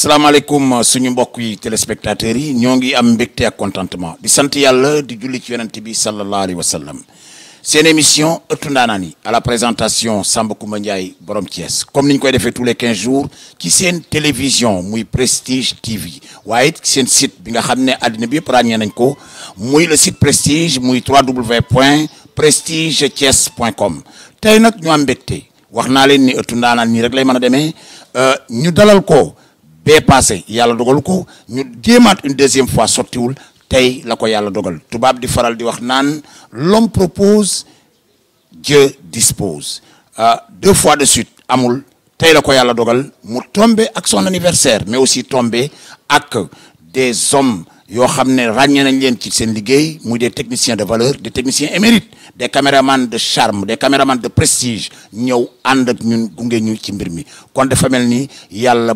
salaamaaleykum euh, suñu mbokk yi téléspectateurs yi ñoo ngi am mbégte ak contentement di sant yàlla di julli ci yonent bi sallallahu alayhi wa sallam seen émission ëttu ndaanaan yi à la présentation Samba Coumba borom Thiès comme niñ koy defee tous les quinze jours ci seen télévision muy Prestige TV waaye seen site bi nga xam ne àddina bi yëpp ràññee nañ ko muy le site Prestige muy www point prestige thiès point com tey nag ñu am mbégte wax naa leen ni ëttu ndaanaan rek lay mën a demee euh, ñu dalal ko. Bé passé yalla dogal ko ñu jéemaat une deuxième fois wul tay la ko yalla dogal tubab di faral di wax nan l'homme propose Dieu dispose euh, deux fois de suite amul tay la ko yalla dogal mu tombé ak son anniversaire mais aussi tombé ak des hommes yo xamné ragné nañ leen ci sen liguey muy des techniciens de valeur des techniciens émérites des caméramans de charme des caméramans de prestige nous nous. ak ñun gunge Quand ci mbir mi kon dafa mel ni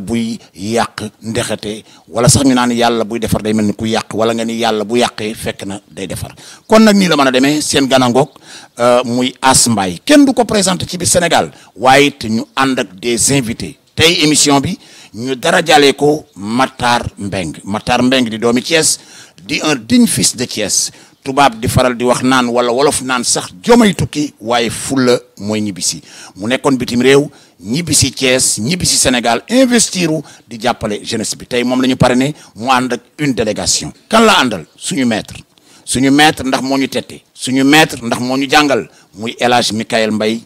buy yàq ndexete wala sax ñu de yàlla buy defar day mel ku yàq wala nga ni yàlla bu été na day kon la qui a euh, muy kenn Sénégal ñu des invités Cette émission bi ñu dara ont Matar Mbeng Matar Mbeng di un digne fils de Thiès Tubab di faral di wax nan wala wolof Nan, sax jomay tukki waye fulla nibisi. ñibisi mu nekkon bitim rew ñibisi ties ñibisi Sénégal investiru di jappalé jeunesse bi tay mom lañu une délégation kan la andal suñu maître suñu maître ndax moñu tété suñu maître ndax moñu jangal muy elage Michael Mbaye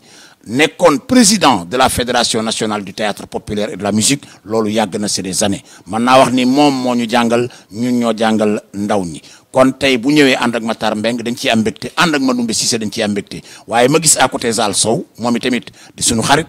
nekkon président de la fédération nationale du théâtre populaire et de la musique Lolu yag na c'est des années man na wax ni mom moñu jangal ñun ñoo jangal ndaw kon tey bu ñëwee ànd ak Matar Mbeng dañ ciy am mbégte ànd ak Madoumbe Cissé dañ ciy am mbégte waaye ma gis à côté Zal Sow moom i tamit di suñu xarit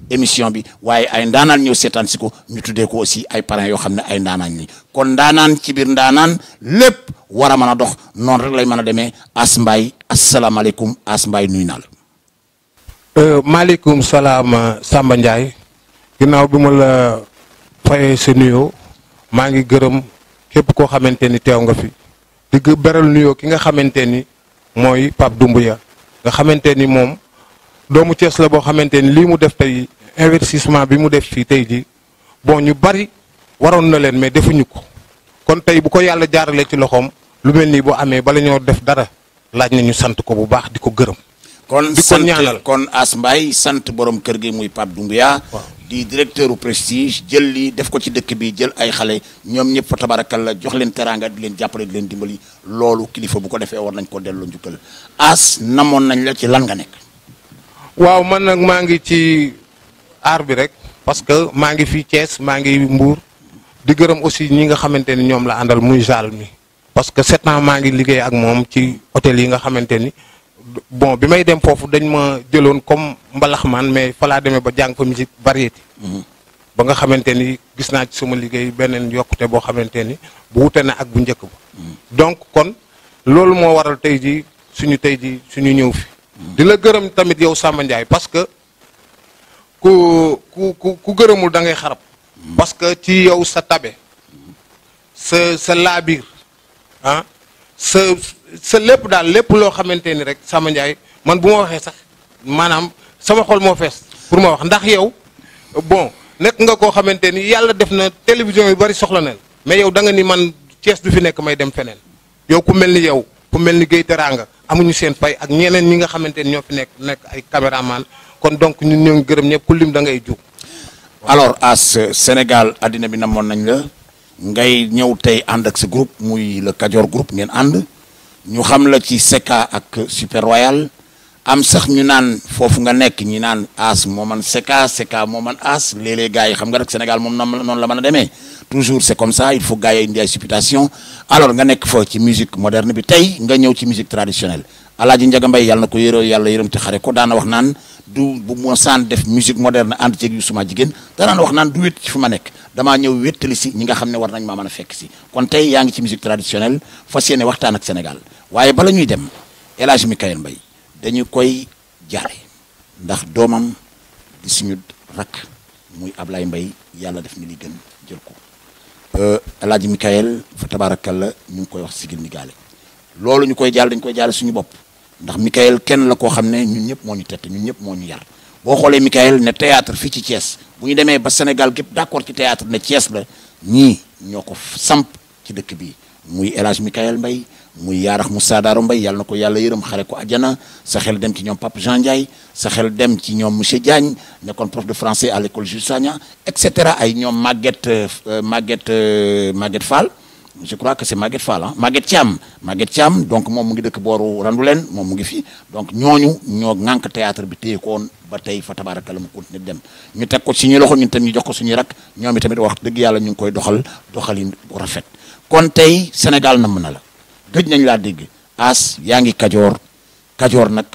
émission bi waaye ay ndaanaal ñëw seetaan si ko ñu tuddee ko aussi ay parrains yoo xam ne ay ndaanaan li kon ndaanaan ci biir ndaanaan lépp war a mën a dox noonu rek lay mën a demee Ass Mbaye asalaamaaleykum Ass Mbaye nuyu naa la. Euh, maaleykum salaam Samba Ndiaye. ginnaaw bi ma la fayee sa nuyoo maa ngi gërëm képp koo xamante ni teew nga fi di beral nuyoo ki nga xamante ni mooy Pape Doumbouya nga xamante ni moom. doomu Cees la boo xamante ni lii mu def tey investissement bi mu def fii tey ji bon ñu bari waroon na leen mais defuñu ko kon tey bu ko yàlla jaarale ci loxoom lu mel nii boo amee bala ñoo def dara laaj na ñu sant ko bu baax di ko gërëm. kon sant kon As Mbaye sant boroom kër gi muy Pape Doumbia. di directeur u prestige jël lii def ko ci dëkk bi jël ay xale ñoom ñëpp fa tabarakal la jox leen teraanga di leen jàppale di leen dimbali loolu kilifa bu ko defee war nañ ko delloo njukkal As namoon nañ la ci lan ar bi rek parce que ma ngi fi Thiès ma ngi Mbour di gërëm aussi ñi nga xamanteni ñom la andal muy Zal mi parce que 7 ans ma ngi liggéey ak mom ci hôtel yi nga xamanteni bon bi may dem fofu dañ ma jëlon comme mbalaxmaan mais fa laa ba jang fa musique variété mhm. ba nga xamanteni gis na ci suma liggéey benen yokuté bo xamanteni bu wuté na ak bu njëkk ba mhm. donc kon loolu mo waral tay ji suñu tay ji suñu ñëw fi mhm. di la gërëm tamit yow parce que ku ku ku gërëmul da ngay xarab mm-hmm. parce que ci yow sa tabe mm-hmm. sa sa laabiir ah sa lépp daal lépp loo xamante ni rek sama Ndiaye man bu ma waxee sax maanaam sama xol moo fees pour ma wax ndax yow bon nekk nga koo xamante ni yàlla def na télévision yu bari soxla na mais yow da nga ni man cees du fi nekk may dem feneen yow ku mel ni yow ku mel ni Gueye Teranga amuñu seen fay ak ñeneen ñi nga xamante ni ñoo fi nekk nekk ay caméraman kon donc ñun ñu gërëm ku lim da ngay alors As Sénégal adina bi namon nañ la ngay ñew tay and ak ce groupe muy le kadior groupe ngeen ande. ñu xam la ci ak Super Royal am sax ñu naan fofu nga nek ñi As moman man seka moman As les les gars yi xam nga rek Sénégal non la mëna démé toujours c'est comme ça il faut gagner une indi alors nga nek fo ci musique moderne bi tay nga ci musique traditionnelle alaaji njaga mbay yàlla na ko yëroo yàlla yërëm te xare ko daana wax naan du bu def musique moderne ànd ceeg yu suma jigéen danaana wax naan du wét fu ma nekk damaa ñëw wéttali si ñi nga xam ne war nañ maa mën a fekk si kon tey yaa ngi ci musique traditionnelle fas yéene waxtaan ak Sénégal waaye bala ñuy dem El Hadj Mikayel Mbaye dañu koy jaare ndax doomam di suñu rakk muy Ablaye Mbaye yàlla def ni li gën jël ko euh, El Hadj Mikayel fa tabaarakalla ñu ngi koy wax sigil ni gaale loolu ñu koy jaal dañ koy jaale suñu bopp ndax Michael kenn la koo xam ne ñun ñëpp moo ñu ñun yar Michael théâtre fii ci Thiès bu ñu demee ba Sénégal gépp d'accord ci théâtre ne Thiès la ñii ñoo ko samp ci dëkk bi muy elage Michael mbay muy Yaarax Moussa mbay yàlla na ko ko sa xel dem ci ñoom Pape Jean sa xel dem ci ñoom monsieur Diagne nekkoon prof de français à l'école etc. Etc. et cetera ay ñoom Maguette euh, Maguette euh, je crois que c'est Maguette Fall ah Maguette Thiam Maguette Thiam donc moom mu ngi dëkk booru leen moom mu ngi fii donc ñooñu ñoo ŋànk théâtre bi téye koon ba tey fa tabaaraka la mu continuer dem ñu teg ko suñuy loxo ñun tam ñu jox ko suñuy rak ñoom itamit wax dëgg yàlla ñu ngi doxal doxalin bu rafet kon tey Sénégal namm na la gëj nañ laa dégg as yaa ngi Kajoor Kajoor nag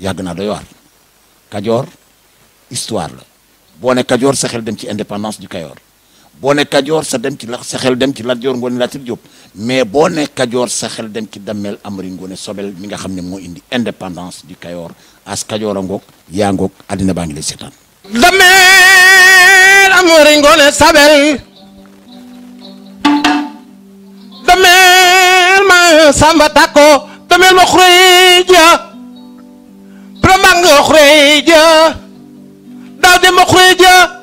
yàgg naa doy war Kajoor histoire la boo ne Kajoor sa xel dem ci indépendance du Kajoor boo ne kajoor sa dem ci la sa xel dem ci Lat Joor ngone Latir Jóob mais boo ne sa xel dem ci damel amri ngone Sobel mi nga xamne mo indi indépendance du kayor as kadior ngok ya ngok adina bangi le setan damel amri ngone sabel, damel ma Samba tako damel mo xurey ja mang xurey ja daaw dem ma ja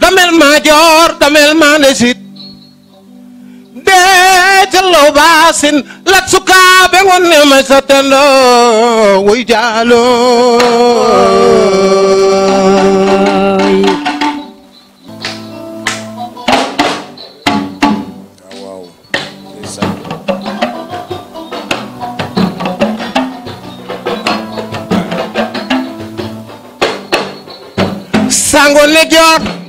damel maa joor damel maa nesit deetelo baasin lat sukaaɓe wonne may sattendo woy jaalo sango ne joor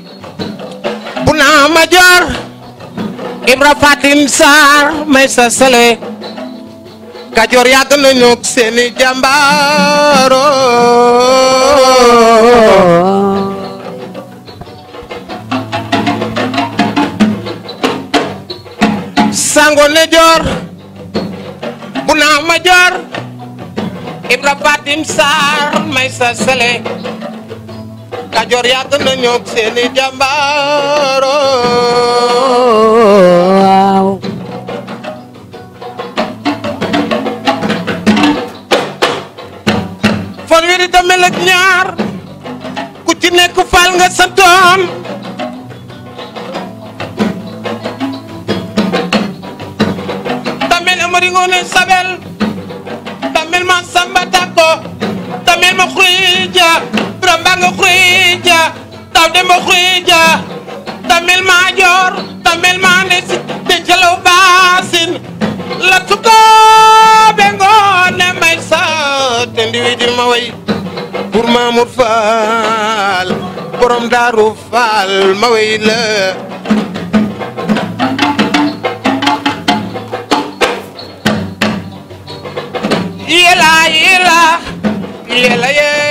major Ibra Fatim Sarr Meissa Sélé Kajoor yàgg nañu seni jambaro. jàmbaaro sango ne joor bu Sar ma Sele Ibra Kajoor yàgg na ñoog seeni jàmbaaro oh. waaw fanweeri damel ak ñaar ku ci nekk faal nga santoon damel amari ngoone sabel damel ma samba tàkko damel ma xurija bang xuija taw demba xuija tamil ma joor tamil ma nesi te jelo basin la tuko be ngone may sa te ndiwi dil ma way pour Mamour Fall borom Daaru Fall ma way la yela yela yela yela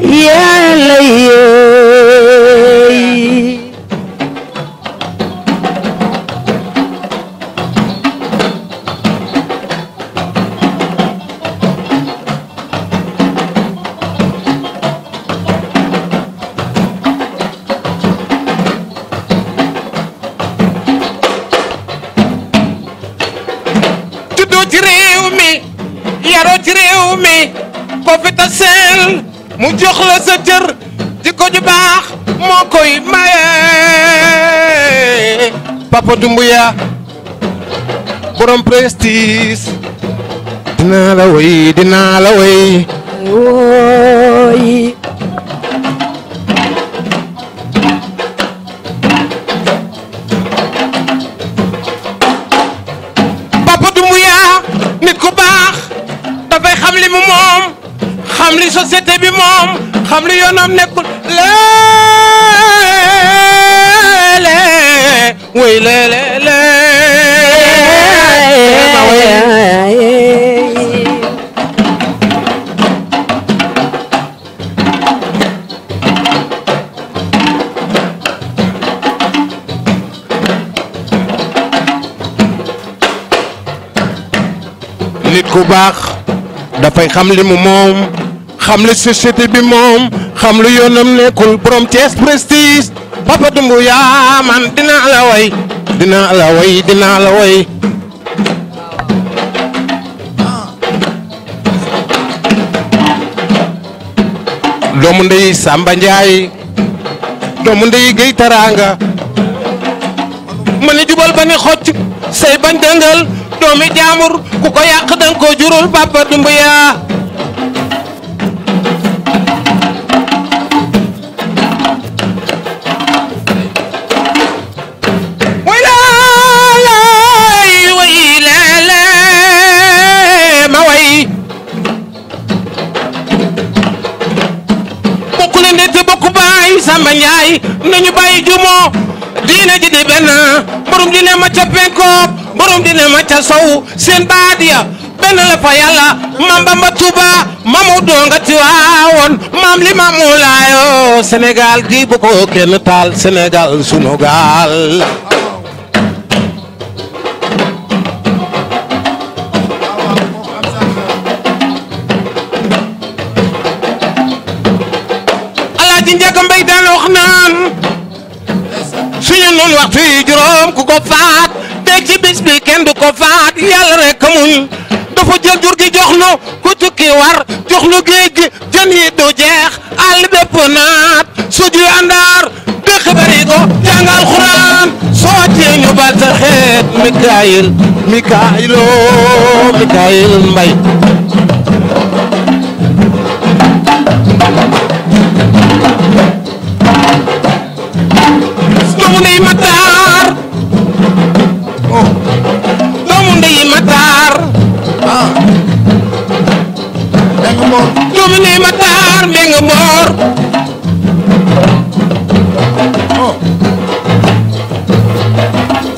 yeah, papa Dumbuya borom prestige dinaa la woy dinaa la woy dafay xam li moom xam li société bi moom xam lu yoonam nekkul borom Thiès prestige Papa Doumbouya man dinaa la way dinaa la way la way doomu ndey Samba Ndiaye doomu ndey Guèye ma ne jubal ba ne xocc say bañ dangal doomi jaamur ku ko yàq dang ko jurul papa dumbuya Samba Njaay nañu bàyyi jumo diina ji di benn borom dina ma ca penkook borom dina ma ca sawu sen badia ben la fa yalla mam bamba tuba mamu donga ti waawoon mam li mamu laayo sénégal gi bu ko ken tal senegal sunu gal alaaji njaga mbay daan wax naan waaye ci bis bi kenn du ko faat yàlla rek muñ dafa jël jur gi jox nu ku tukki war jox nu géej gi jën yi du jeex àll bépp naat suju àndaar dëkk bari ko jàngal xuraan soo ci ñu bal xeet Mikaayil Mikaayilo oh, Mbay doomu ne Matar Mbengue Mboor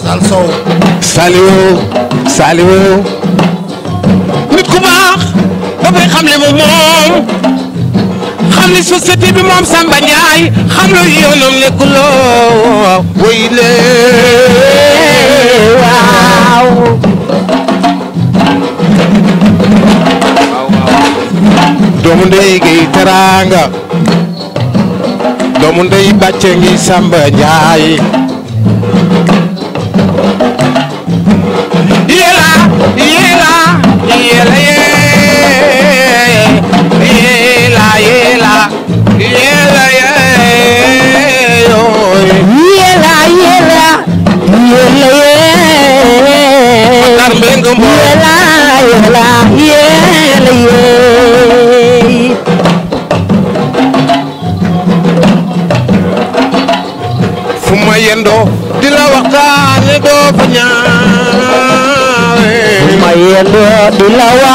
sal sow Saliou Saliou nit ku baax dafay xam li mu moom xam li société bi moom Samba Ndiaye xam lu yoonam nekkuloo way le waaw teranga domun ndey bàcce ngi Samba Njaay yela yela yela yendoo di la waxtaane doo fa ñaawe ma yendoo di loolu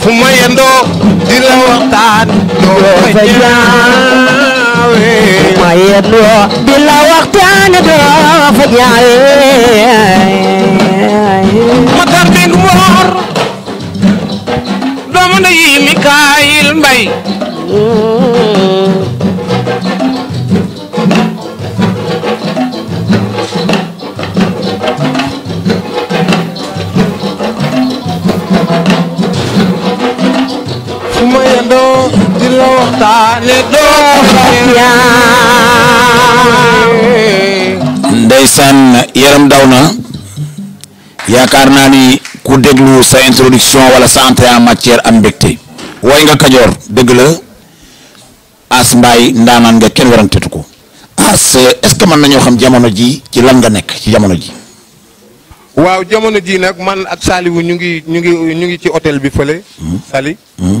fu ma yendoo di la waxtaan doo fa ñaawe ma yedloo bi la waxtaane doo fa jaayee ma tar dégg woor doomu na yi Mikaayil Mbay fu ma yendoo waxtaane doom ndeysaan yaram daw na yaakaar ni ku deglu sa introduction wala sa entrée en matière am mbégte way nga kadior deug la as mbay ndanan nga kenn warantetu ko as ah, est-ce man nañu xam jamono ji ci lan nga nek ci jamono ji waaw jamono ji nak man ak Saliou ñu ngi ñu ngi ñu ngi ci hôtel bi feulé hmm. Sali hmm.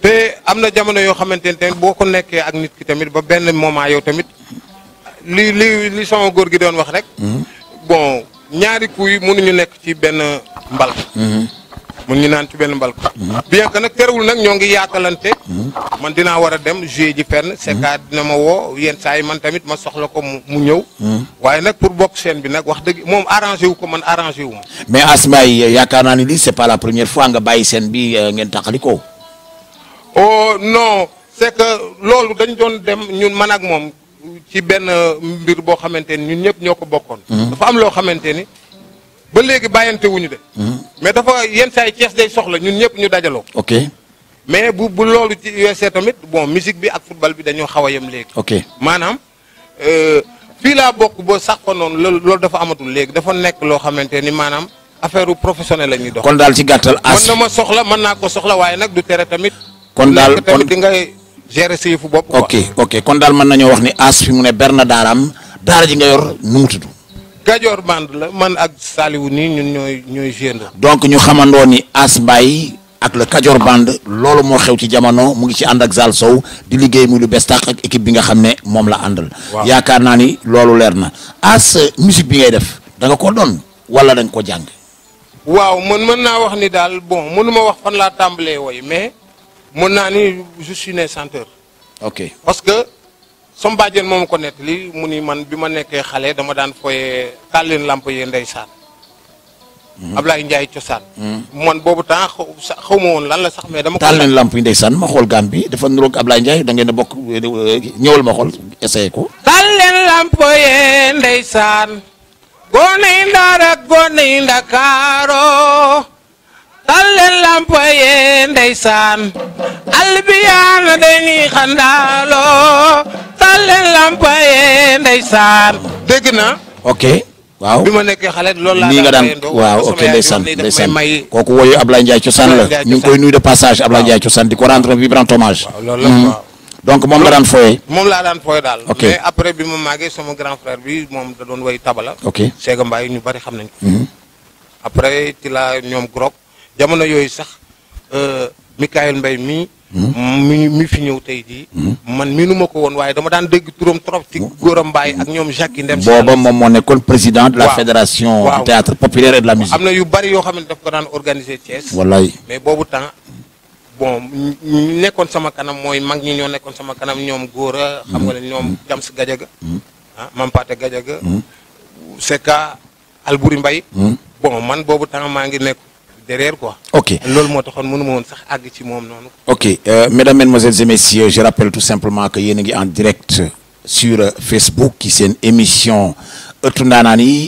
te amna na jamono yoo xamante ne tamit boo ko nekkee ak nit ki tamit ba benn moment yow tamit li li li sama góor gi doon wax rek. Mhm. bon ñaari kuy mënuñu nekk ci benn mbal. mun mhm. ñu naan ci benn mbal. Mhm. bien que nag terewul nag ñoo man dem jouer ji fenn. Secka dina ma woo yenn saa man tamit ma soxla ko mu ñëw. waaye nag pour bokk scène bi nag wax wu ko man wu mais Asma yi yaakaar naa ni c'est pas la première fois nga bàyyi scène bi euh, ngeen taxali o oh, non c'est que loolu dañ doon dem ñun man ak moom ci benn euh, mbir boo xamante ni ñun ñëpp ñoo ko bokkoon. Hmm. dafa am loo xamante ni ba léegi bàyyante wuñu de. Hmm. mais dafa yenn saa yi Cees day soxla ñun ñëpp ñu dajaloo. ok mais bu bu loolu ci USA tamit bon musique bi ak football bi dañoo xaw a yem léegi. ok maanaam euh, fii laa bokk boo sax ko noonu loolu dafa amatul léegi dafa nekk loo xamante ni maanaam affaire professionnelle la ñuy dox. kon daal ci gàttal as. mën na ma soxla mën naa ko soxla waaye nag du tere tamit. kon daal kon di ngay gérer sa yëfu bopp. ok ok kon daal mën nañoo wax ni as fi mu ne ber na daara ji nga yor nu mu tudd. Kajoor band la man ak Saliou nii ñun ñooy ñooy génn. donc ñu xamandoo ni As Mbaye ak le Kajoor band loolu moo xew ci jamono mu ngi ci ànd ak Zal Sow di liggéey muy lu bees tàq ak équipe bi nga xam ne moom la àndal. yaakaar naa ni loolu leer na As musique bi ngay def danga ko doon wala da nga ko jàng. waaw man mën naa wax ni daal mënuma wax fan laa tàmbalee woy mais mën naa ni je suis né ok parce que sama bàjjen moom ko nett li mu ni man bi ma nekkee xale dama daan fooyee taal leen làmp yee ndeysaan. Mhm. Ablaye njaay cosaan. Mhm. man boobu temps xaw ma woon lan la sax mais dama. taal leen lamp yi ndeysaan ma xool gàmm bi dafa niroog Ablaye Ndiaye da ngeen a bokk ñëwal ma xool essayé ko. taal leen lamp yee ndeysaan. gone yi ndaar ndakaaro. tal leen lampo yee ndeysaan albiyaana dañuy xandaaloo tal leen lampo ndeysaan. dégg naa. ok waaw bi ma nekkee xale lool laa nii nga daan waaw ok ndeysaan ndeysaan kooku woyu Ablaye Ndiaye cosaan la ñu ngi koy nuyu de passage Ablaye Ndiaye cosaan di ko rendre un vibrant hommage. Mhm. donc moom nga daan fooyee. moom laa daan fooyee daal. ok mais bi ma màggee sama grand frère bi moom da doon woy tabala. ok Sega Mbaye ñu bari xam nañ ko. Mhm. après ci la ñoom Grok. jamono yooyu sax euh, Mikaël Mbaye mii. Hmm? mi mi fi ñëw tey jii. Hmm? man miinu ma ko woon waaye dama daan dégg turam trop ci hmm? Gora Mbaye ak ñoom Jacques Ndem. booba moom moo nekkoon président de la fédération. du théâtre populaire et de la musique. am na yu bari yo xam ne daf ko daan organiser Thiès. wallaay mais boobu temps bon nekkoon sama kanam mooy mag ñi ñoo nekkoon sama kanam ñoom Gora. xam nga ne ñoom Jams Gadiaga. ah Mampate Gadiaga. Seka Albouri Mbaye. bon man boobu temps maa ngi nekk. derrière quoi. ok ma sax ci ok euh, mesdames mesdemoiselles et messieurs je rappelle tout simplement que y a ngi en direct sur Facebook qui c'est une émission ëttu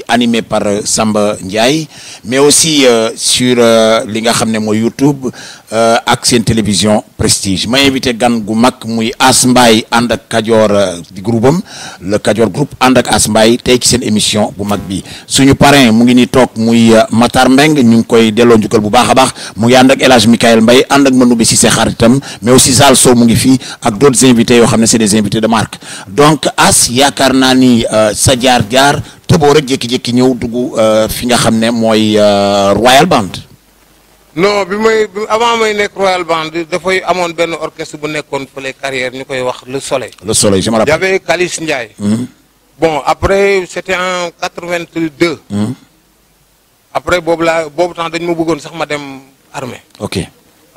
animé par euh, Samba Ndiaye mais aussi euh, sur euh, li nga xam YouTube ak seen télévision Prestige ma invité gan gu mag muy As Mbaye ànd ak di groupe le Kajoor group andak ak As Mbaye une ci émission bu mag bi suñu parrain mu ni toog muy Matar Mbeng ñu ngi koy delloo njukkal bu baax a baax mu ak Michael Mbaye andak ak Manoumbe Cissé mais aussi Zal Sow mungifi ngi ak d'autres invités yoo xam c'est des invités de marque donc As yaakaar naa ni sa tëboor a jékki-jékki ñëw dugg euh, fi nga xam moy euh, Royal Band. non bi may avant may nek Royal Band fay amone ben orchestre bu nekkone fële carrière ñu koy wax Le Soleil. Le Soleil je me rappelle. y'avait Kalis ndjay mm-hmm. bon après c'était en 82. Mm-hmm. après bobu la bobu temps dañ ma bëggone sax ma dem armée. ok.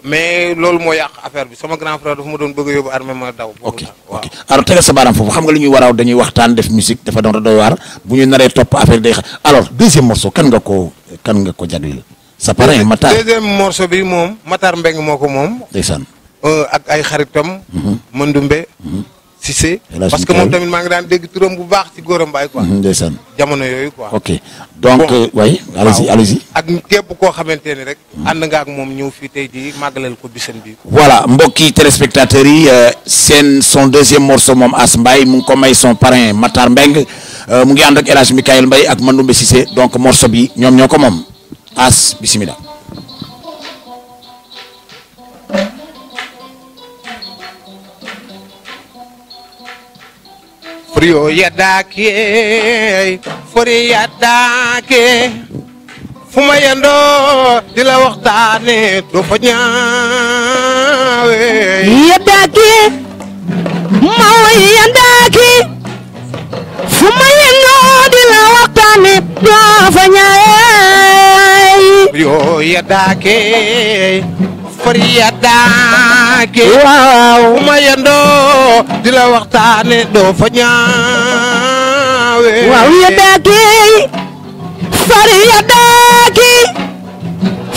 mais loolu moo yàq affaire bi sama grand frère dafa ma doon bëgg a yóbbu armée ma daw. ok ok alors tegal sa baaraam foofu xam nga lu ñuy waraaw dañuy waxtaan def musique dafa doon doy waar bu ñu naree topp affaire day xam alors deuxième morceau kan nga ko kan ko jagleel. sa parrain Matar deuxième morceau bi moom Matar Mbeng moo ko moom. ndeysaan. Euh, ak ay xaritam. Mhm. Mandumbe. Mhm. Cissé parce que mon ami maa ngi daan dégg turam bu baax ci gorom bay quoi. Mm-hmm, ndeysaan jamono yooyu quoi. ok donc way euh, allez-y allez-y ak képp ko xamante rek. and mm-hmm. nga ak mom ñëw fi tay di magalel ko bisan bi. voilà mbokki téléspectateurs yi euh, seen son deuxième morceau mom As Mbaye mu ko may son parrain Matar Mbeng euh, mu ngi and ak El Hadj Mikaël Mbaye ak Mandoumbe Cissé donc morceau bi ñom ñoko mom As bismillah. Furiyo yaddaake fu ma yendoo di la waxtaane du ñaawe yaddaake fu ma yendoo di la waxtaane du ñaawe Furiyo Mbàkke waaw ma yendoo di la waxtaane doo fa ñaawe waaw yeddaaki far yeddaaki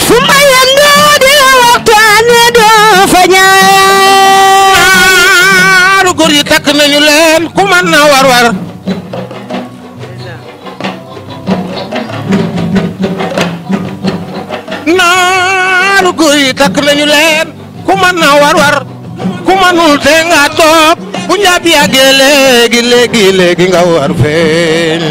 fu ma yendoo di la waxtaane doo fa ñaawe ñaaru góor yi takk nañu leen ku mën na war war naaru góor yi takk nañu leen mën na war war ku mënul te nga toog bu njab yàggee léegi léegi léegi nga war feeñ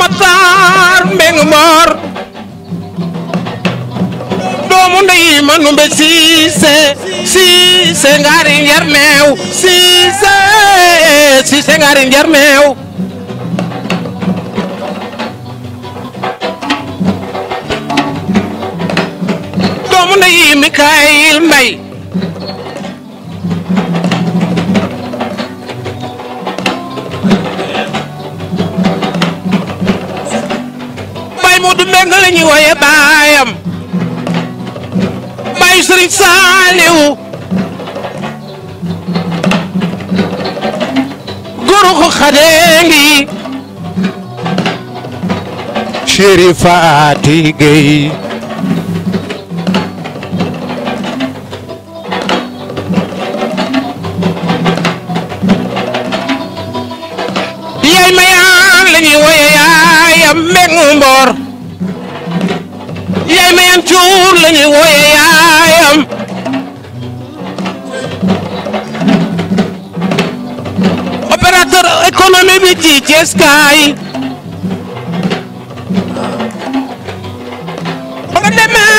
Matar Mbeng Mor ma numbe Cissé Cissé ngaari njar meew Cissé Cissé ngaari njar meew doomu ndeyi Mikaayil Mbay sëriñ Saaliw guru xadeengi Cherifaati Gey yaay ma yaan lañuy woye yaayam mbeg mboor yaay ma cuur lañuy woye ci Cees kaay boo demee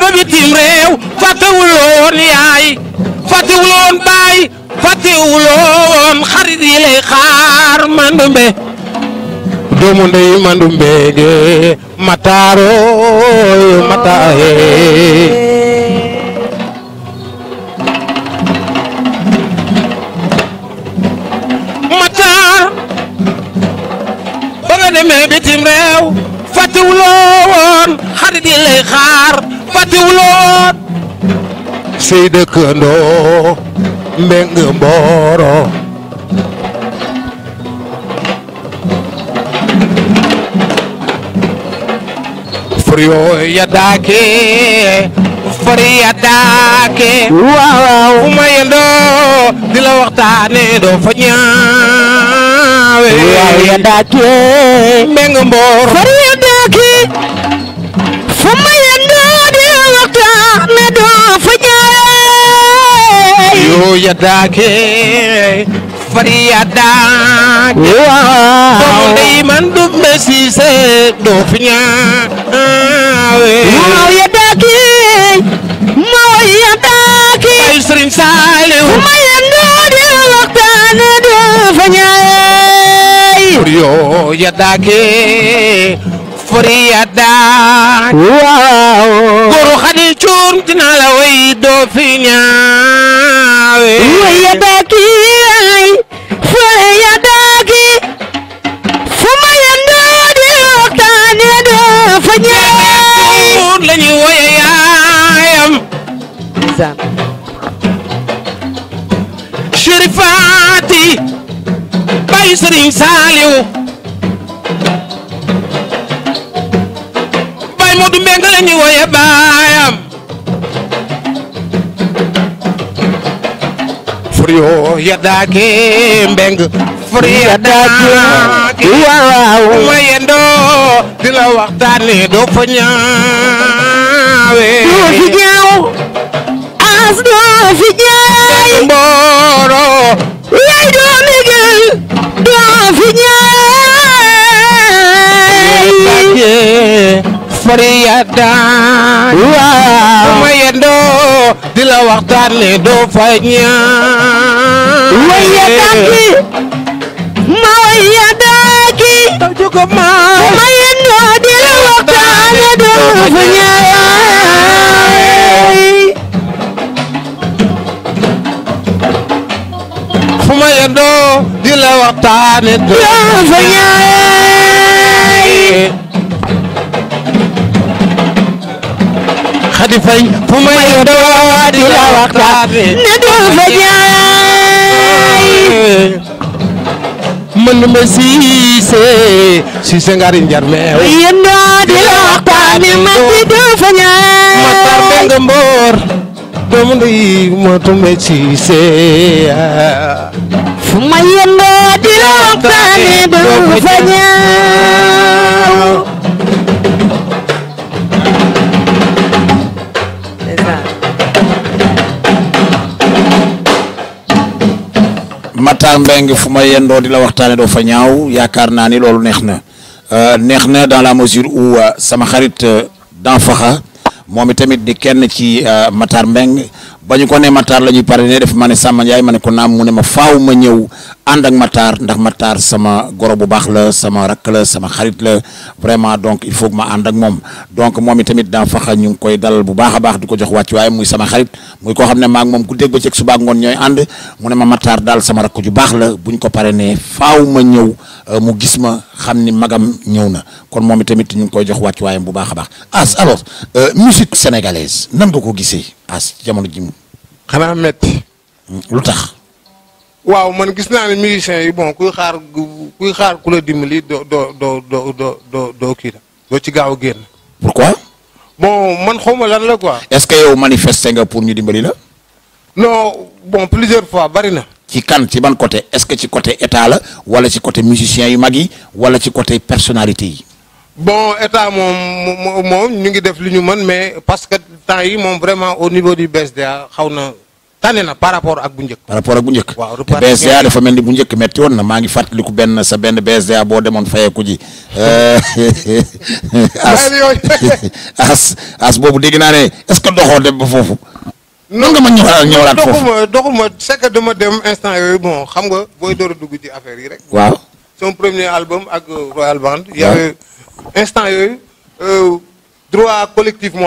ba bitim réew fàttewuloon yaay fàttewuloon baay fàttewuloon xarit yi lay xaar mandumbe doomu ndey mandumbe ge mataaro mataare fàttewuloo woon xarit yi lay xaar fàttewuloo woon say dëkkandoo mbeng mbooro frio ya daake fari ya yendoo di la waxtaane doo fa ñaawe waaw ya daake mbooro fu ma yendoo di waxtu Ahmadu fa ñaay yoo yaddaake fari yaddaake waaw doomu dey man dumbe siise doo fi ñaawe waaw yaddaake moo yaddaake ay sëriñ Saaliw fu ma yendoo di waxtu ne doo fa ñaay yoo yaddaake furiyata waaw góoru xadi cuun dina la way doo fi ñaawe waya daaki ay furaya daaki fu ma yandoo di waxtaane doo fa ñaawe cuun lañu waya yaayam Chérifati bay Sëriñ Saaliw Baay Moodu Mbeng la ñu woye baayam Frio ya daake beng Frio ya daake waaw ma yendoo di la waxtaane doo fa ñaawe doo fi as do fi ñaay mbooro do doo do doo fariyada ma yendoo di la waxtaan ne doo fay ñaan waye ma waye danki ma ma yendoo ma yendoo di la waxtaan doo fay di fay fu may di la waxtaan ne doo fa jaay man ma siise siise ngari njar meew yéen di la waxtaan man di doo fa ñaay ma tarbe nga mboor doomu ndey ma tumbe siise fu may yéen di la waxtaan doo fa ñaay Makhtar fu ma yendoo di la waxtaane doo fa ñaaw yaakaar naa ni loolu neex na euh, neex na dans la mesure où euh, sama xarit euh, Danfaxa moom itamit di kenn ci Makhtar Mbengue ba ko ne Makhtar la ñuy parrainé def ma ne Samba Ndiaye ma ne ko naam mu ne ma faaw ma ñëw ànd ak Matar ndax Matar sama goro bu baax la sama rakk la sama xarit la vraiment donc il faut ma ànd ak moom donc moom itamit daa faxa ñu ngi koy dalal bu baax a baax di ko jox wàcc waaye muy sama xarit muy koo xam ne maak moom ku dégg ba ceeg suba ak ngoon ñooy mu ne ma Matar daal sama rakk ju baax la buñ ko paree ne faaw ma ñëw euh, mu gis ma xam ni magam ñëw na kon moom itamit ñu ngi koy jox wàcc waayam bu baax a baax As alors euh, musique sénégalaise nam nga ko gisee As jamono ji mu. xanaa metti lu tax. waaw man gis naa ne musicien yi bon kuy xaar kuy xaar ku la dimbali do do do do do do kii la doo ci gaaw a génn. pourquoi. bon man xawma lan la quoi. est-ce que yow manifester nga pour ñu dimbali la. non bon plusieurs fois bari na. ci kan ci ban côté est-ce que ci côté état la wala ci côté musicien yu mag yi wala ci côté personnalité yi. bon état moom moom ñu ngi def li ñu mën mais parce que temps yi moom vraiment au niveau du BSDA xaw na par rapport ak bu par rapport ak bu BSDA dafa melni metti ngi sa ji. Euh, as as est-ce que dem ba non nga ma doxuma dem instant bon xam nga ci affaire yi rek. waaw son premier album ak euh, Royal Band. Il y avait instant euh, droit collectif moo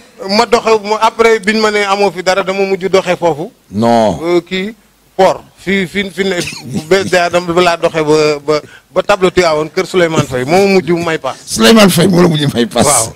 ma doxe ma après biñ ma ne amoo fi dara dama mujj doxe foofu. non euh, kii port fi fi fi ne bees dama laa doxe ba ba. ba tableau tuyaawoon keur souleyman fay mo mujj may paas. souleyman fay mo la mujj may paas.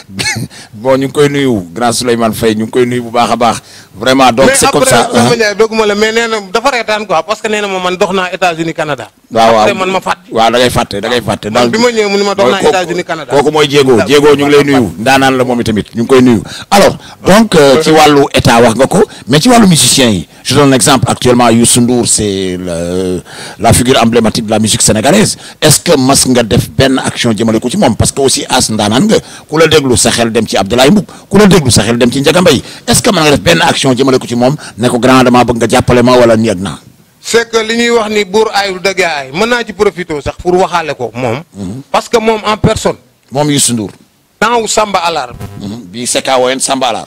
bon ñu ngi koy nuyu grand souleyman fay ñu ngi koy nuyu bu baax a baax. vraiment donc c'est comme ça mais après hein. dogguma la mais nee dafa reetaan quoi parce que nee mo man doxna États-Unis Canada. après man ma fat wa da ngay fàtte da ngay fàtte. daal bi ma mu ne ma dox États-Unis Canada. kooku moy Diego Diego ñu ngi lay nuyu. ndaanaan la momi itamit ñu koy nuyu. alors donc euh, ci walu état wax nga ko mais ci walu musicien yi je donne un exemple actuellement Youssou Ndour c'est la figure emblématique de la musique sénégalaise sénégalaise est-ce que mas nga def benn action jëmale ko ci moom parce que aussi as ndaanaan nga ku la déglu sa xel dem ci Abdoulaye Mboup ku la déglu sa xel dem ci Ndiaga Mbaye est-ce que mën nga def benn action jëmale ko ci moom ne ko grand dama bëgg nga jàppale ma wala nii ak naa. c'est li ñuy wax ni buur aayul dëgg aay mën naa ci profité sax pour waxaale ko moom. Mhm. parce que moom en personne. moom Youssou Ndour. naaw Samba Alar. Mhm. bii Seka woyen Samba Alar.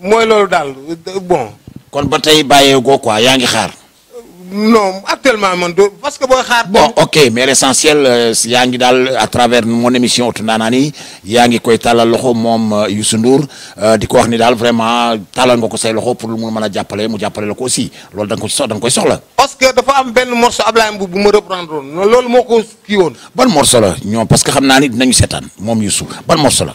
moy lolou dal, bon. kon batay tey bàyyeekoo quoi yaangi xaar. non actuellement man do parce que boy xaar. bon ok mais l'essentiel euh, yaangi dal daal à travers mon émission Eutou Ndanani yaa koy tàllal loxo moom euh, Youssou Ndour euh, di ko wax ni daal vraiment tàllal nga say loxo pour lu mu mën a mu jappalé la aussi lolou dang ko so dang koy soxla. parce que dafa am ben morceau Ablaye Mbow bu ma reprendre lolou moko moo ko ban morceau la ñoom parce que xamna naa ni dinañu seetaan moom Youssou ban morceau la.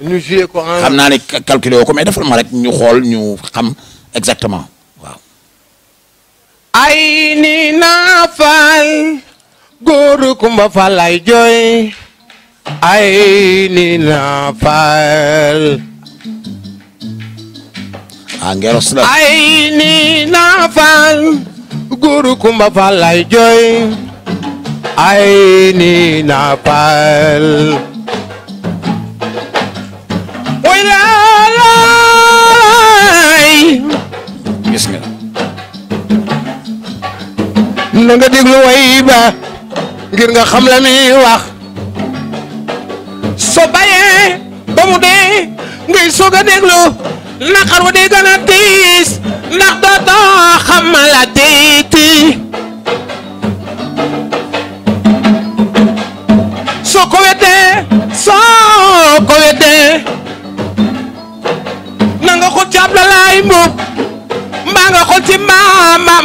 ñu joué ko en. xam naa ne calculé ko mais defal ma ñu xool ñu xam exactement waaw. ay ni naa ay jooy ay ni naa gis nga na nga déglu way ba ngir nga xam la ni wax so bayee ba mu dee ngay soog a déglu naqar wa day gën a tiis ndax dootoo xamala tiiti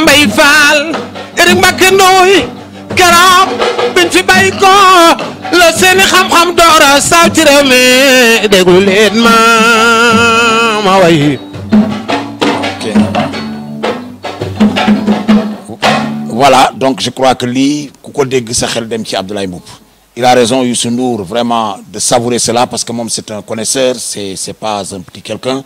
mbay faal iri mbakke nooy keroog biñ fi bay ko le sen xam-xam dora saaw ci réew mi déglu leen ma ma way voilà donc je crois que li ku ko dégg sa xel dem ci Abdoulaye mbou il a raison Youssou Ndour vraiment de savourer cela parce que moom c'est un connaisseur c'est c'est pas un petit quelqu'un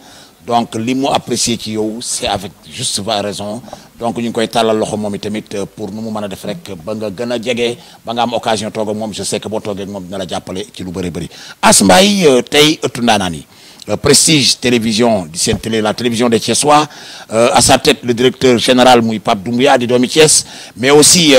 donc li mu apprécié ci yow c'est avec juste va raison donc ñu ngi koy talal loxo momi tamit euh, pour nu mu mën def rek ba nga gëna a ba nga am occasion togo mom je sais que bo togué mom moom dina la jappalé ci lu bëri bëri Ass tay euh, tey ëttu le euh, Prestige télévision du télé la télévision des euh, à sa tête le directeur général Mouy Pape Doumbia di doomi Thiès mais aussi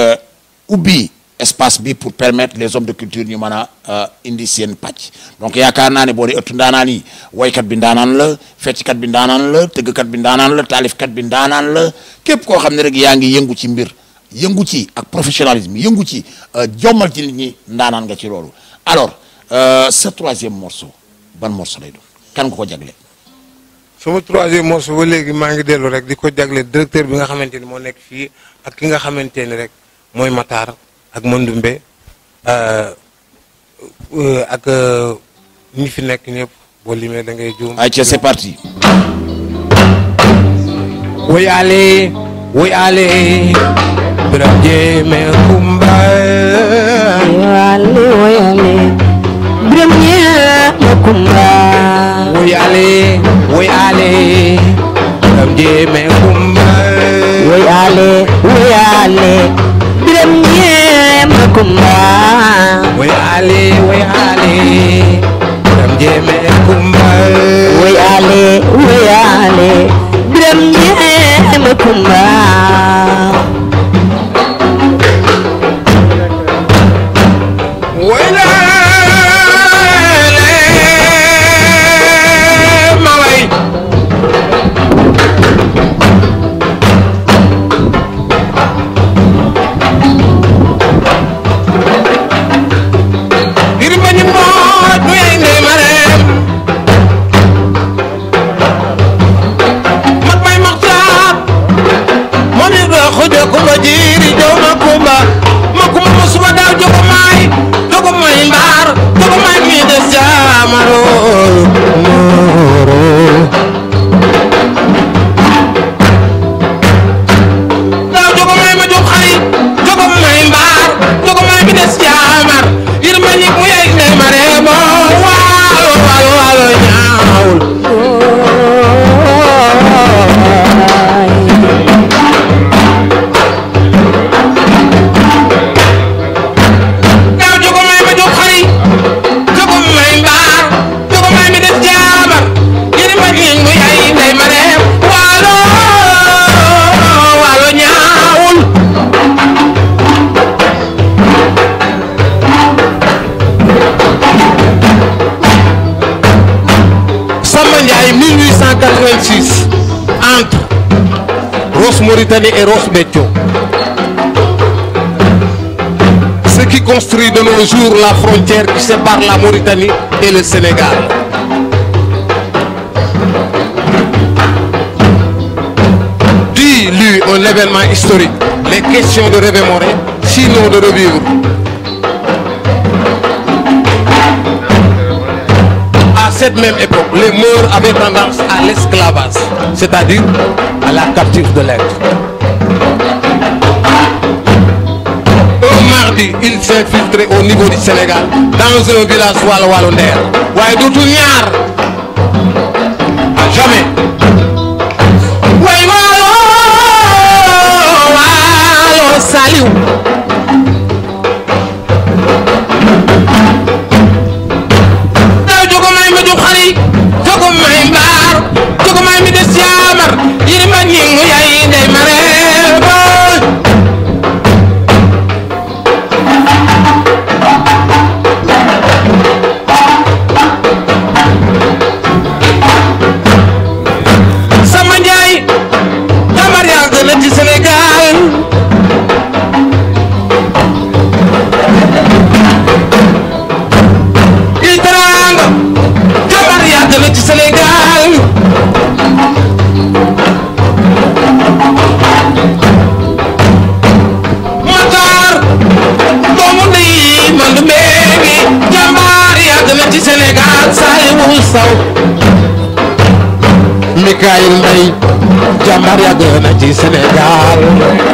Oubi espace bi pour permettre les hommes de culture ñu mën a euh, indi seen pàcc donc yaakaar naa ne boo dee ëttu ndaanaan yi woykat bi ndaanaan la fecckat bi ndaanaan la tëggkat bi ndaanaan la taalifkat bi ndaanaan la képp koo xam ne rek yaa ngi yëngu ci mbir yëngu ci ak professionnalisme yëngu ci euh, jommal ci nit ñi ndaanaan nga ci loolu alors ce euh, troisième morceau ban morceau lay doon kan nga ko jagle sama troisième morceau ba léegi maa ngi dellu rek di ko jagle directeur bi nga xamante ni moo nekk fii ak ki nga xamante ni rek mooy Matar ak Mandumbe euh, euh, ak euh, ñi fi nekk ñëpp boo limee da ngay juum. ayca c'est parti. woy ale woy ale Birame Ndiémé Kumba. woy ale woy ale Birame Ndiémé Kumba. woy ale woy ale Birame Ndiémé Kumba. woy ale woy ale Birame Ndiémé. kumba woy ale woy ale biram jeeme kumba woy ale woy ale biram jeeme kumba Mauritanie et Ross Ce qui construit de nos jours la frontière qui sépare la Mauritanie et le Sénégal. Dit lui un événement historique, les questions de Réveil sinon de revivre cette même époque, les morts avaient tendance à l'esclavage, c'est-à-dire à la captive de l'être. Au mardi, il s'infiltrait au niveau du Sénégal, dans un village wallon-wallon d'air. Ouais, jamais. ci Sénégal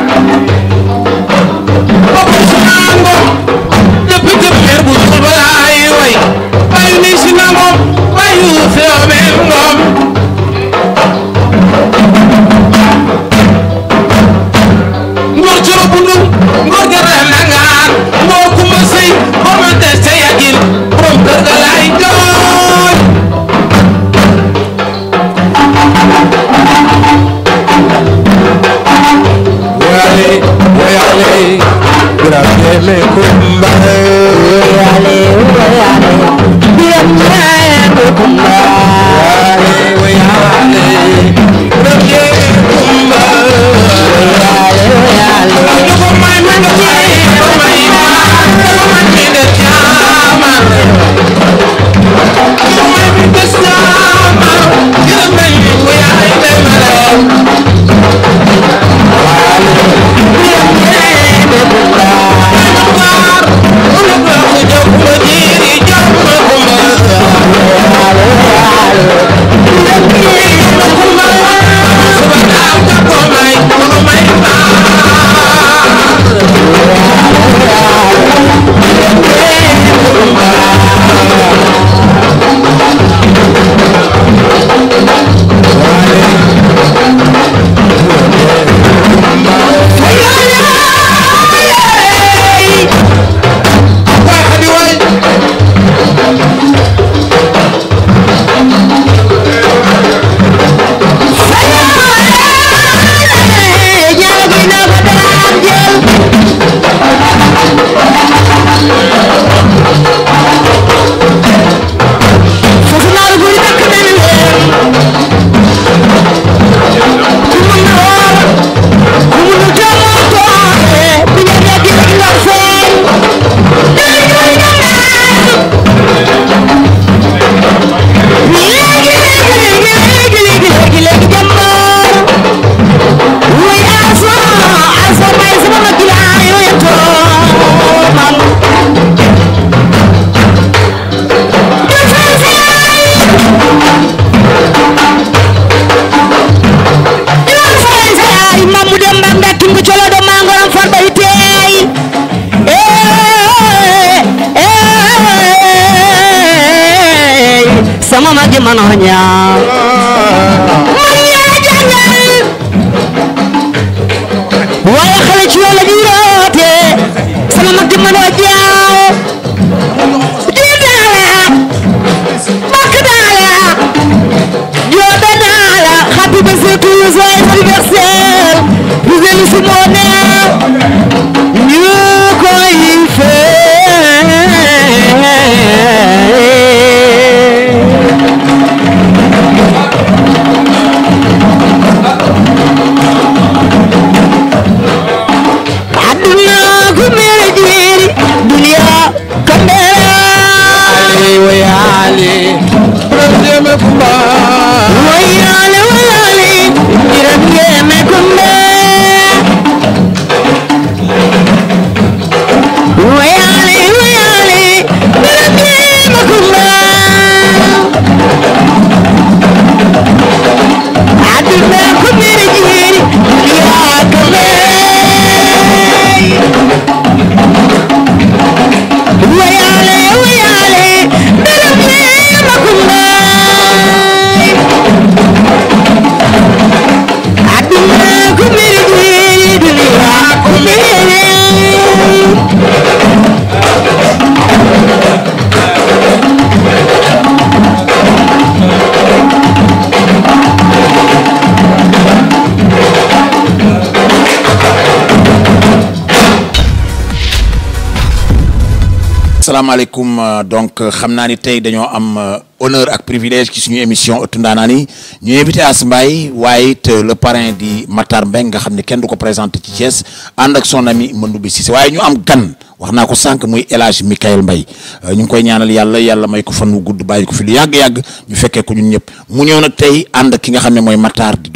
asalaamaaleykum euh, donc euh, xam naa ni tey am euh, honneur ak privilège ci suñu émission Otundanani. ñu invité Ass Mbaye le parrain di Matar Mbeng nga xamni kenn duko présenter ci Thiès and ak son ami Mandoumbe Cissé Waye ñu am gan waxna ko sank muy Elage Hadj Mbay. ñu ngi koy ñaanal Yalla Yalla may ko fan wu gudd bàyyi ko fi lu yàgg ñu fekkee ko ñun ñep. mu ñew nag tay and ki nga xamni moy Matar di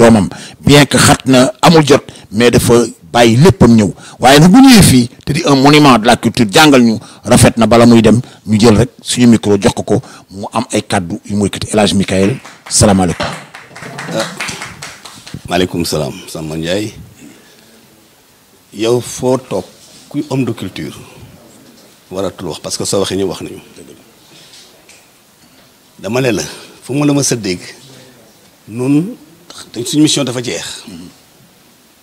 bien que xatna amul jot mais dafa bàyyi léppam ñëw waaye nag bu fii te di un monument de la culture jàngal ñu rafet na bala muy dem ñu jël rek suñu micro jox ko ko mu am ay kàddu yu muy kati El Hadj Michael salaamaaleykum. Ah, maaleykum salaam Samba Ndiaye yow foo toog kuy homme de culture waratul wax parce que soo waxee ñu wax nañu dama ne la fu ma ma sa dégg nun suñu mission dafa jeex.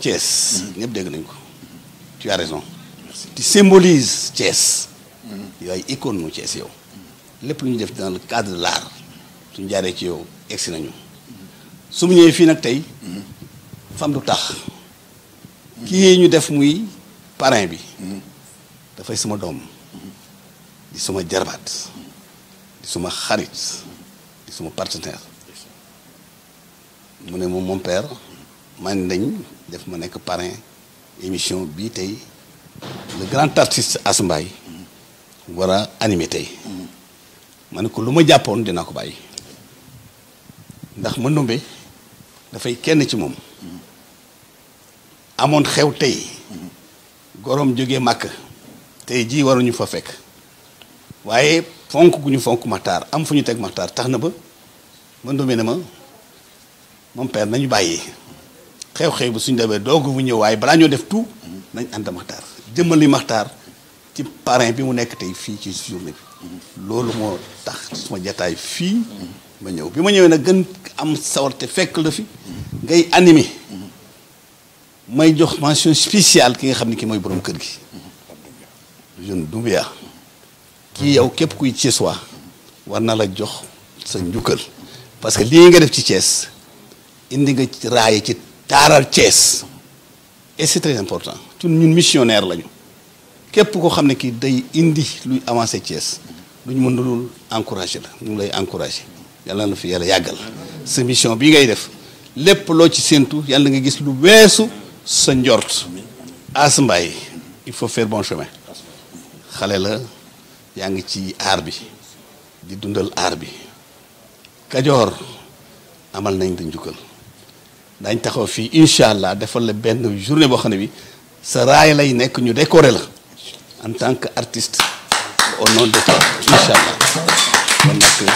tu as raison. tu symbolises Thiès. yooyu icône lu ñu def dans le cadre de l'art suñu jaaree ci yow egsi nañu. su mu ñëwee fii nag tey. fam du tax. kii ñu def muy parrain bi. dafay sama doom. di sama di di partenaire. mon père. man nañ def ma nekk parrain émission bii tey le grand artiste Ass Mbaye war a animé tey ma ne ko lu ma jàppoon dinaa ko bàyyi ndax ma numbe dafay kenn ci moom amoon xew tey goroom jóge màkk tey jii waruñu fa fekk waaye fonk gu ñu fonk Matar am fu ñu teg Matar tax na ba ma numbe ne ma moom nañu bàyyi xew-xew bi suñ demee donc bu ñëw waaye balaa ñoo def tout nañ ànd maxtaar jëmmali maxtar ci parrain bi mu nekk tey fii ci journée bi loolu moo tax suma jataay fii ma ñëw bi ma ñëwee nag gën am sawarte fekk la fi ngay animé may jox mention spéciale ki nga xam ne ki mooy boroom kër gi jeune Doumbia kii yow képp kuy Thiès waa war na la jox sa njukkal parce que lii nga def ci Thiès indi nga raay ci taaral ties et c'est très important ñun missionnaire lañu képp ko xamné ki day indi luy avancer ties duñ mën dul encouragé la ñu lay encourager yalla na fi yalla yagal ce mission bi ngay def lepp lo ci sentu yalla nga gis lu wessu sa njort Ass Mbaye il faut faire bon chemin xalé la yaa ci aar bi di dundal aar bi kadior amal nañ da njukkal dañ taxaw fi inshallah defal la ben journée bo xamné bi sa ray lay nek ñu décorer la en tant que artiste au nom de toi inshallah allah kon nag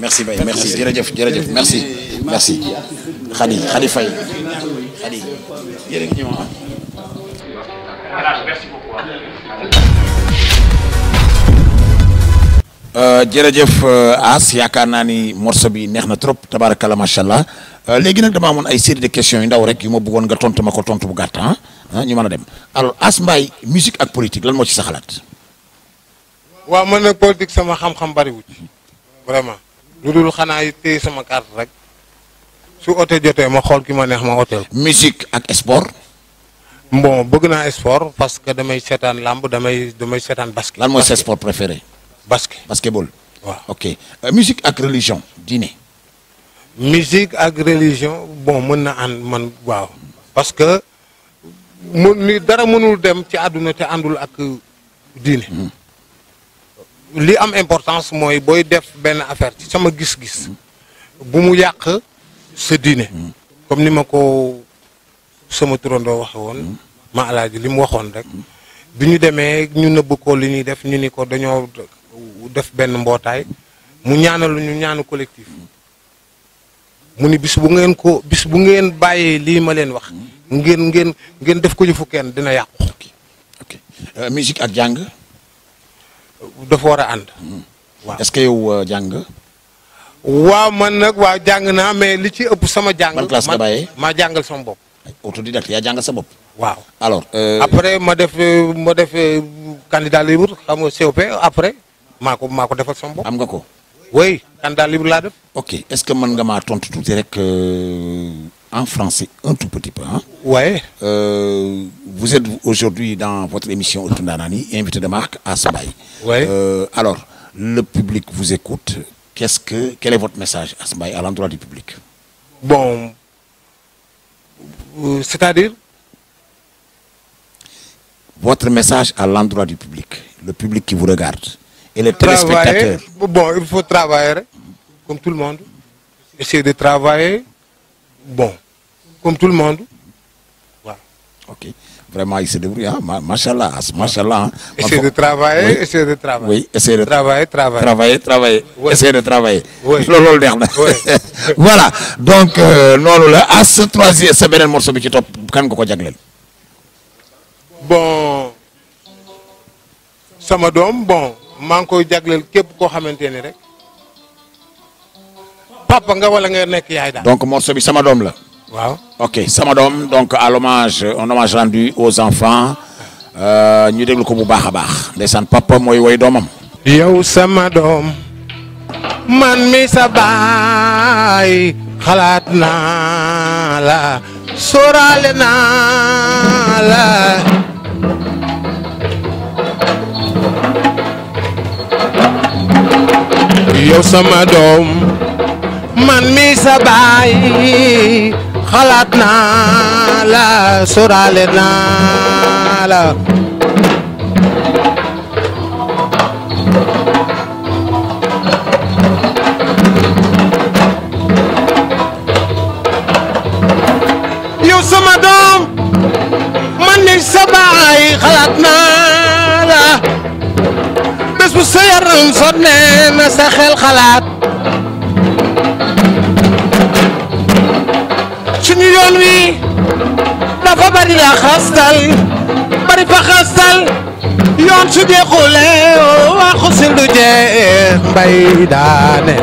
merci merci jërëjëf merci Baye merci jërëjëf jërëjëf merci merci Khady Khady Faye Khady jërëjëf merci beaucoup Euh, jërëjëf euh, As yaakaar naa ni morceau bi neex na trop tabaarakalla macha allah euh, léegi nag damaa amoon ay série question questions yu ndaw rek yu ma bëggoon nga tontu ma ko tontu bu gàtt ah. ah ñu mën a dem alors As Mbaye musique ak politique lan moo ci sa xalaat. waaw man nag politique sama xam-xam bariwul vraiment lu dul xanaa yi sama carte rek su oto jotee ma xool ki ma neex ma otel. musique ak sport. bon bëgg naa sport parce que damay seetaan làmb damay damay seetaan basket. lan mooy sa sport préféré. basket basketball ok euh, musique avec religion Dîner musique avec religion bon je na parce que mu ni dara pas te ak mhm. li am importance boy def ben affaire sama gis-gis Bumu yak se dîner. comme ni ma se sama turandoo waxe mhm. ma aladi li rek mhm. ko li ni ni def ben mbotay mu ñaanalu ñu ñaanu collectif mu ni bis bu ngeen ko bis bu ngeen bàyyee li ma leen wax ngeen ngeen ngeen def ko ñu fukken dina yaq ok euh, musique ak jang da fo wara and hmm. waaw est-ce que yow euh, jang wa man nak wa jang na mais li ci ëpp sama jang, ma jangal sama bop autodidacte ya jang sa bop waaw alors. Euh, après ma def ma def candidat libre xam COP après. oui ok est-ce que Mangama nga tout direct euh, en français un tout petit peu hein? euh, vous êtes aujourd'hui dans votre émission invité de marque à Sabaï Oui. alors le public vous écoute qu'est-ce que quel est votre message à Sabaï à l'endroit du public. bon euh, c'est-à-dire. votre message à l'endroit du public le public qui vous regarde et les téléspectateurs Bon, il faut travailler, comme tout le monde. Essayer de travailler, bon, comme tout le monde. Voilà. Ok. Vraiment, il se débrouille, hein? machallah, hein. Essayer de travailler, essayer de travailler. Oui, essayer de travailler, travailler. Travailler, travailler. Essayer de travailler. Oui. voilà. Donc, non, euh, là, à ce troisième, c'est bien le morceau qui est top. Quand Bon, ça me donne, bon maa ngi koy jagleel képp koo xamante ni rek papa nga wala nga nekk yaay daal. donc morceau bi sama doom la. waaw ok sama doom donc à l'hommage un hommage rendu aux enfants euh, ñu déglu ko bu baax a baax ndeysaan papa mooy woy doomam. yow sama doom. man mi sa baay xalaat naa la sóoraale naa la. yow sama doom man mi sa xalaat naa la sóoraale naa la Alioune Sot yoon wi dafa bari la xastal bari fa xastal yoon su jeexulee oh, waxu si jeex mbay daane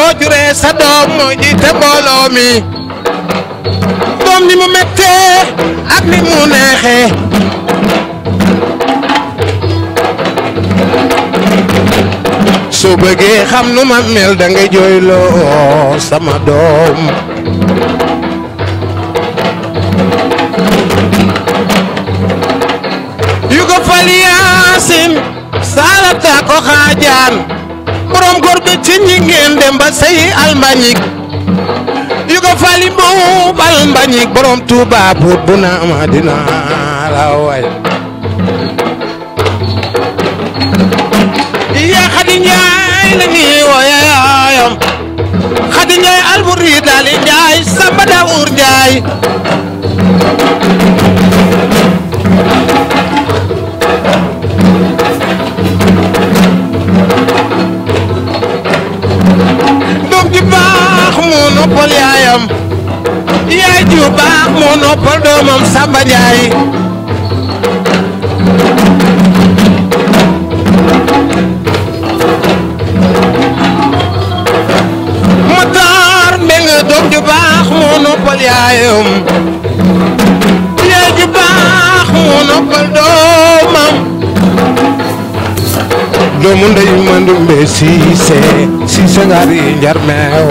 boo juree sa doom mooy jiite mbooloo mi doom ni mu méttee ak ni mu neexee soo bëggee xam nu ma mel da ngay jooyloo sama doom yu ko yaasin saalata ko xaajaan moom gor gi ci ñi ngeen dem ba sey almanik yu ko fali bal mbanik borom tuba bu na madina la way ya khadija la ni wooye yaayam Xadi Njaay alburiid daali sama dawur Daawur moo noppal yaayam yaay ju baax moo noppal doomam Samba Njaay Matar mbeng doom ju baax moo noppal yaayam yaay ju baax moo noppal doomam doomu ndeyu Mandumbe Siise Siise nga di njar meew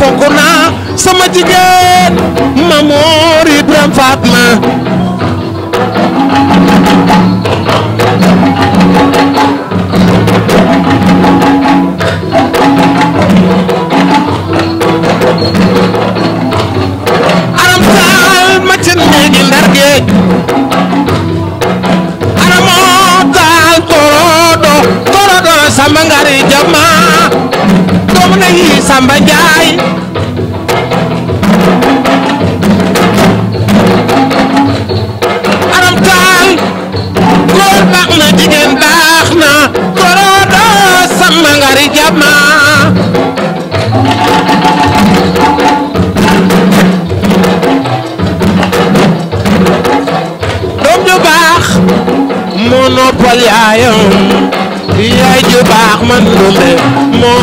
fonk naa sama jigéen Mamour Ibrahima Fatma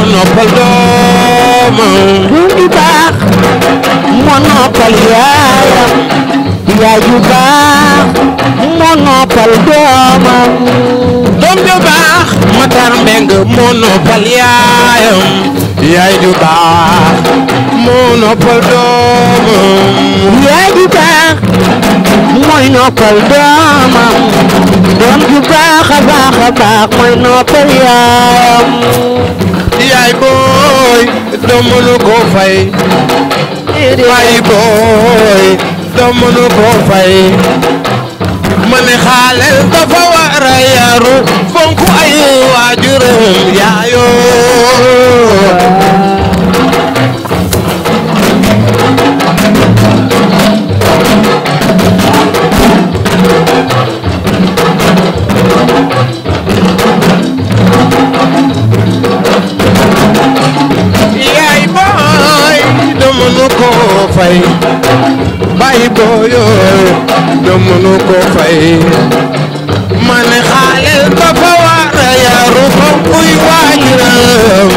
noppal doomam bu di baax moo noppal yaayam yaay ju baax mooy noppal doomam doom ju baax a baax a baax mooy noppal yaayam yaay booy doom mënu ko fay waay booy doom mënu ko fay ma ne xaale dafa war a yaru fonk ay waajuram yaayoo fay bay booyooy domunu ko fay man xaalel ba fa waara yaru fa kuy waajuram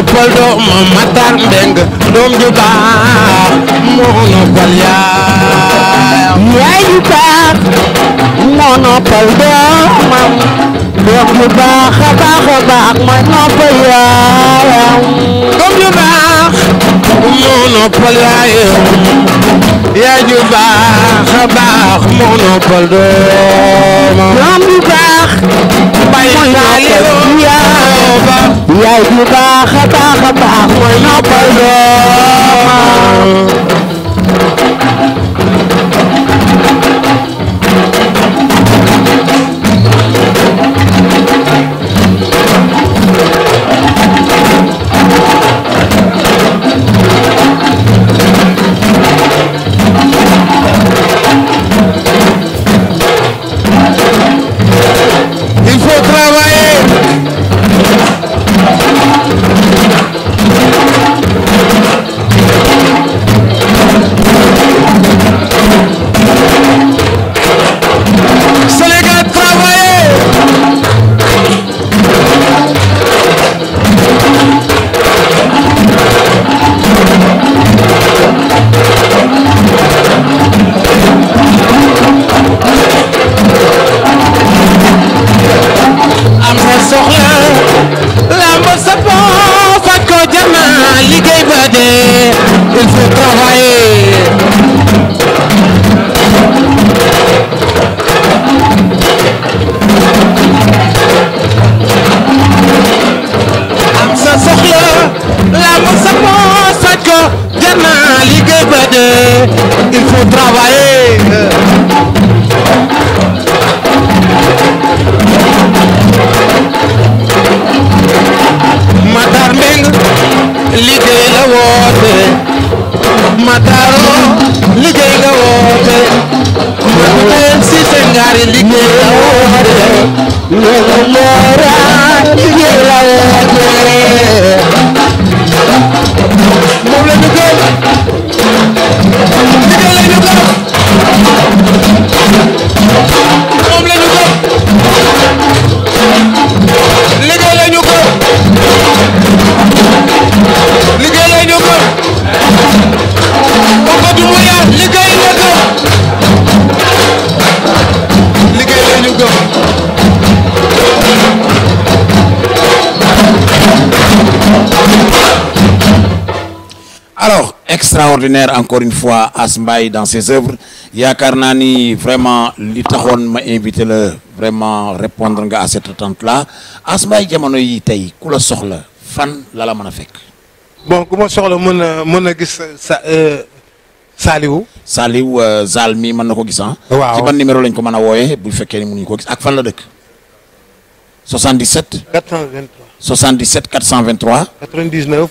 noppal doomu Matar Mbengue doom ju baax moo noppal yaayam yaay ju baax moo noppal doomam doom ju baax a baax a baax mooy noppal yaayam doom ju baax moo noppal yaayam yaay ju baax a baax moo noppal doomam doom ju baax yaay bu baax a baax a baax mooy noppal doomam extraordinaire encore une fois Asmaï dans ses œuvres Yakarnani, a Carnani vraiment li ma invité le vraiment répondre à cette attente là Ass Mbaye jamono yi tey ku la le fan la la manafek. bon comment ça le monde na mën Zalmi Salut. sa euh, Saliou. Saliou euh, Zal ah. numéro lañ ko mën 77. 423 77 423. 99.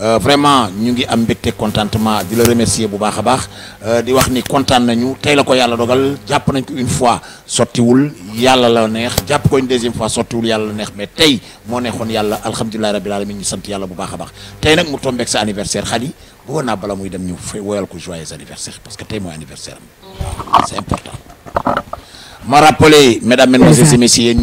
Euh, vraiment ñu ngi am mbégte contentement di le remercier bu baax a baax euh, di wax ni content nañu tay la ko yalla dogal japp nañ ko une fois wul yalla la neex japp ko une deuxième fois sottiwul yàlla la neex mais tay mo neexone yalla alhamdoulillah rabbil alamin ñu sant yalla bu baax a baax tey nag mu tombeek sa anniversaire xali bu naa bala muy dem ñu woyal ko joyeux anniversaire parce que tay mo anniversaire c'est important ma rappelle, mesdames mesdames et messieurs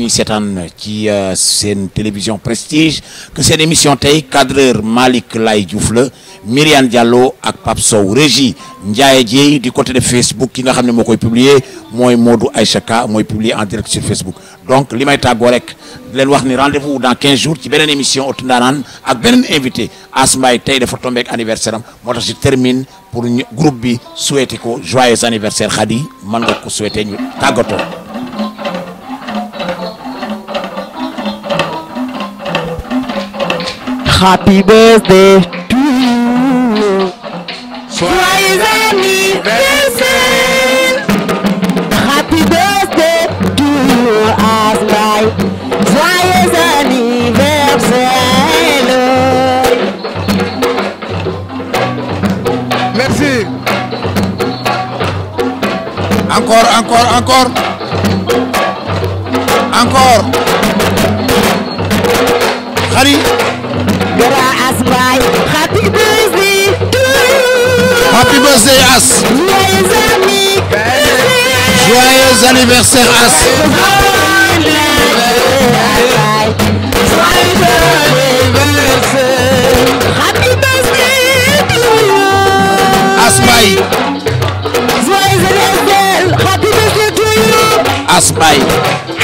qui euh, c'est une télévision prestige que c'est une émission taille, cadreur Malik Laye Miriam Myriam Diallo et Pape Sow régie Ndiaye Dieye du côté de Facebook qui n'a pas publié publier, moi et Modou Aïchaka et publier en direct sur Facebook donc l'image est à vous di rendez-vous dans 15 jours Qui est une émission au Ndanane ak un invité Asmaï tey de tombé ak anniversaire Moi, je termine pour groupe bi souhaité ko joyeux anniversaire Khady man nga ko souhaité encore encore encore encore xari yora as baay happy birthday to you happy birthday as joyeux anniversaire joyeux anniversaire as happy birthday to you as baay asmay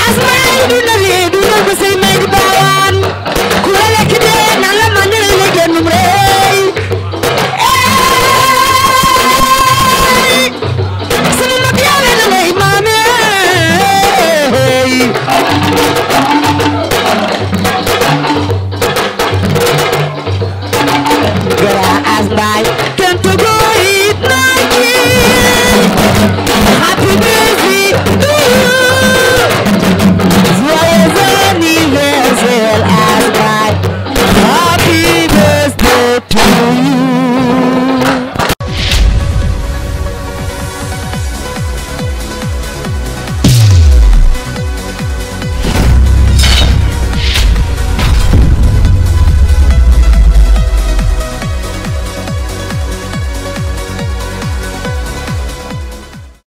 asmay du la lee du la ba say may di baawaan ku la lekk dee na la